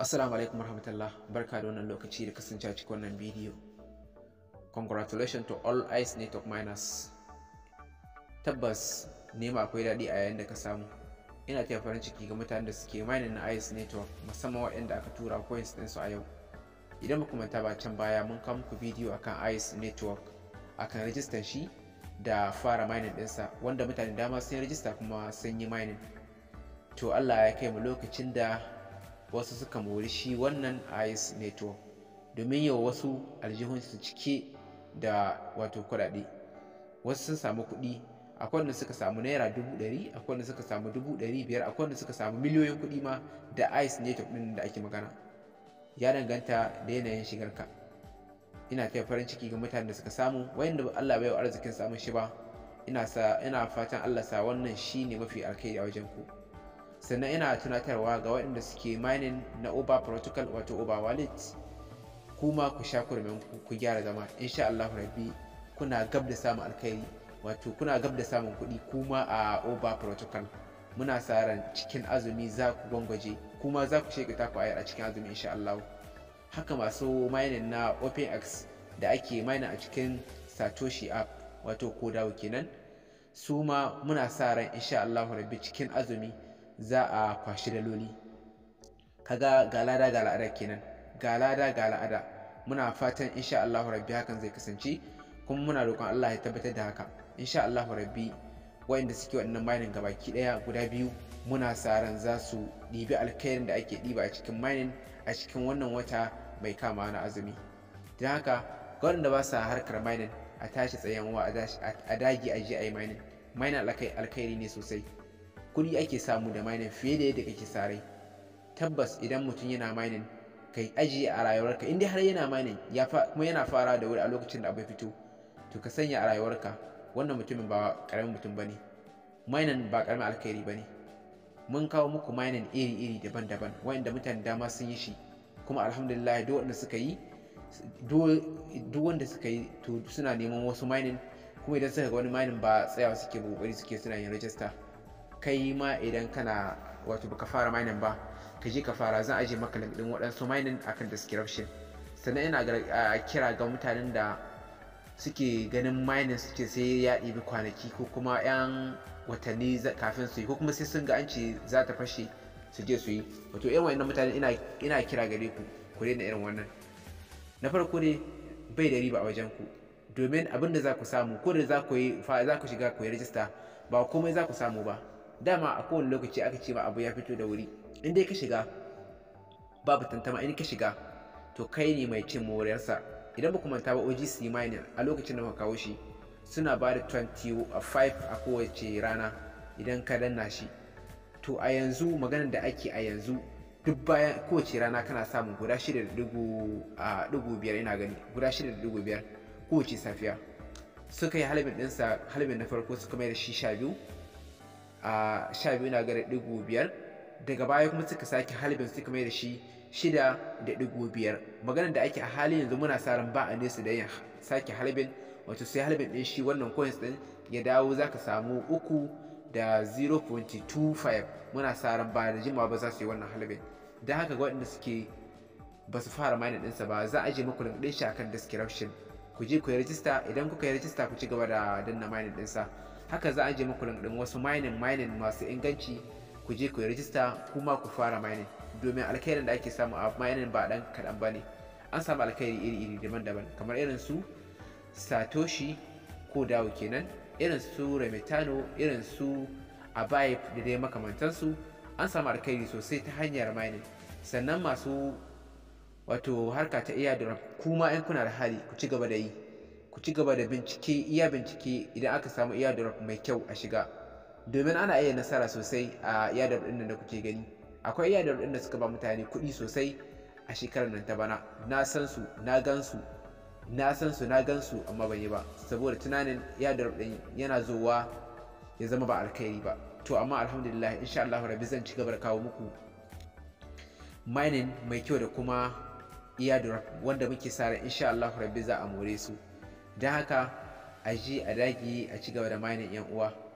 Assalamu alaikum warahmatullah barka da wannan lokaci da kasance cikin wannan bidiyo. Congratulations to all Ice Network miners. Tabbas nema akwai daɗi a yayin da ka samu. Ina taya farin ciki ga mutanen da suke mining na Ice Network musamman waɗanda aka tura coins su a yau. Idan muku manta ba can baya mun kawo muku bidiyo akan Ice Network akan rijistar shi da fara mining ɗinsa wanda mutane dama sun rijista kuma sun yi mining. To Allah ya kai mu lokacin da wasu suka mori shi wannan ice network domin yau wasu aljihunsu cike da wato kuɗaɗe wasu sun samu kuɗi akwai wanda suka samu naira dubu ɗari akwai wanda suka samu dubu ɗari biyar akwai wanda suka samu miliyoyin kuɗi ma da IS network ɗin da ake magana ya danganta da yanayin shigar ka. ina taya farin ciki ga mutanen da suka samu wayanda Allah bai wa arzikin samun shi ba ina sa ina fatan Allah sa wannan shine mafi alkhairi a wajen ku sannan ina tunatarwa ga waɗanda suke mining na uber protocol wato uber wallet kuma ku sha kurmin ku gyara zama insha Allah rabbi kuna gab da samun alkhairi wato kuna gab da samun kuɗi kuma a uber protocol muna sa ran cikin azumi za ku gwangwaje kuma za ku shekata ku ayar a cikin azumi insha Allah haka masu mining na OpenX da ake mining a cikin Satoshi app wato ko dawo kenan su ma muna sa ran insha Allah rabbi cikin azumi za a kwashi daloli kaga ga lada ga la'ada kenan ga lada ga la'ada muna fatan insha Allah rabbi hakan zai kasance kuma muna roƙon Allah ya tabbatar da haka insha Allah rabbi wayanda suke wannan mining gabaki ɗaya guda biyu muna sa ran za su ɗibi alkhairin da ake ɗiba a cikin mining a cikin wannan wata mai kama na azumi don haka waɗanda ba sa harkar mining a tashi tsayen wa a dagi a je a yi mining mining alkhairi ne sosai kuɗi ake samu da mining fiye da yadda kake sa rai tabbas idan mutum yana mining kai aji a rayuwarka inda har yana mining ya kuma yana fara da wuri a lokacin da abai fito to ka sanya a rayuwarka wannan mutumin ba karamin mutum bane mining ba karamin alkhairi bane mun kawo muku mining iri-iri daban-daban wanda mutane dama sun yi shi kuma alhamdulillah duk wanda suka yi duk wanda suka yi to suna neman wasu mining kuma idan suka ga wani mining ba tsayawa suke kokari suke suna yin rajista kai ma idan kana wato baka fara mining ba ka je ka fara zan aje maka link din waɗansu mining akan description sannan ina kira ga mutanen da suke ganin mining suke sai ya ɗibi kwanaki ko kuma 'yan watanni kafin su yi ko kuma sai sun ga an ce za ta fashe su je su yi wato irin wannan mutane ina kira gare ku ku daina irin wannan na farko ne bai da riba a wajen ku domin abin da za ku samu ko da za ku shiga ku yi rajista ba komai za ku samu ba dama a kowane lokaci aka ce ma abu ya fito da wuri in dai ka shiga babu tantama in ka shiga to kai ne mai cin moriyarsa idan baku manta ba OGC minor a lokacin da muka kawo shi suna ba da 25 a kowace rana idan ka danna shi to a yanzu maganar da ake a yanzu duk bayan kowace rana kana samun guda 6.5 ina gani guda 6.5 kowace safiya suka yi halibin ɗinsa halibin na farko suka mai da shi sha biyu a sha biyu na gare ɗigo biyar daga baya kuma suka sake halibin suka mai da shi shida da ɗigo biyar maganar da ake a hali yanzu muna sa ran ba a nesa da yin sake halibin wato sai halibin ɗin shi wannan coins ɗin ya dawo zaka samu uku da 0.25 muna sa ran ba da jimawa ba za su yi wannan halibin don haka ga waɗanda suke ba su fara mining ɗinsa ba za a je muku link ɗin shi akan description ku je ku yi rajista idan kuka yi rajista ku ci gaba da danna da ɗinsa haka za a je muku link wasu mining mining masu inganci ku je ku yi rajista kuma ku fara mining domin alkhairin da ake samu a mining ba dan kaɗan ba ne an samu alkhairi iri-iri daban-daban kamar irin su satoshi ko dawo kenan irin su remitano irin su abaye da dai makamantansu an samu alkhairi sosai ta hanyar mining sannan masu wato harka ta iya da kuma yan kuna da hali ku ci gaba da yi ku ci gaba da bincike iya bincike idan aka samu drop mai kyau a shiga domin ana iya nasara sosai a drop ɗin da kuke gani akwai drop ɗin da suka ba mutane kuɗi sosai a shekarar nan ta bana na san su na gan su na san su na gan su amma ban yi ba saboda tunanin drop ɗin yana zowa ya zama ba alkhairi ba to amma alhamdulillah insha Allah rabbi zan ci gaba da kawo muku mining mai kyau da kuma drop wanda muke sa ran insha Allah rabbi za a more su don haka a ji a dagi a ci gaba da mayanin 'yan uwa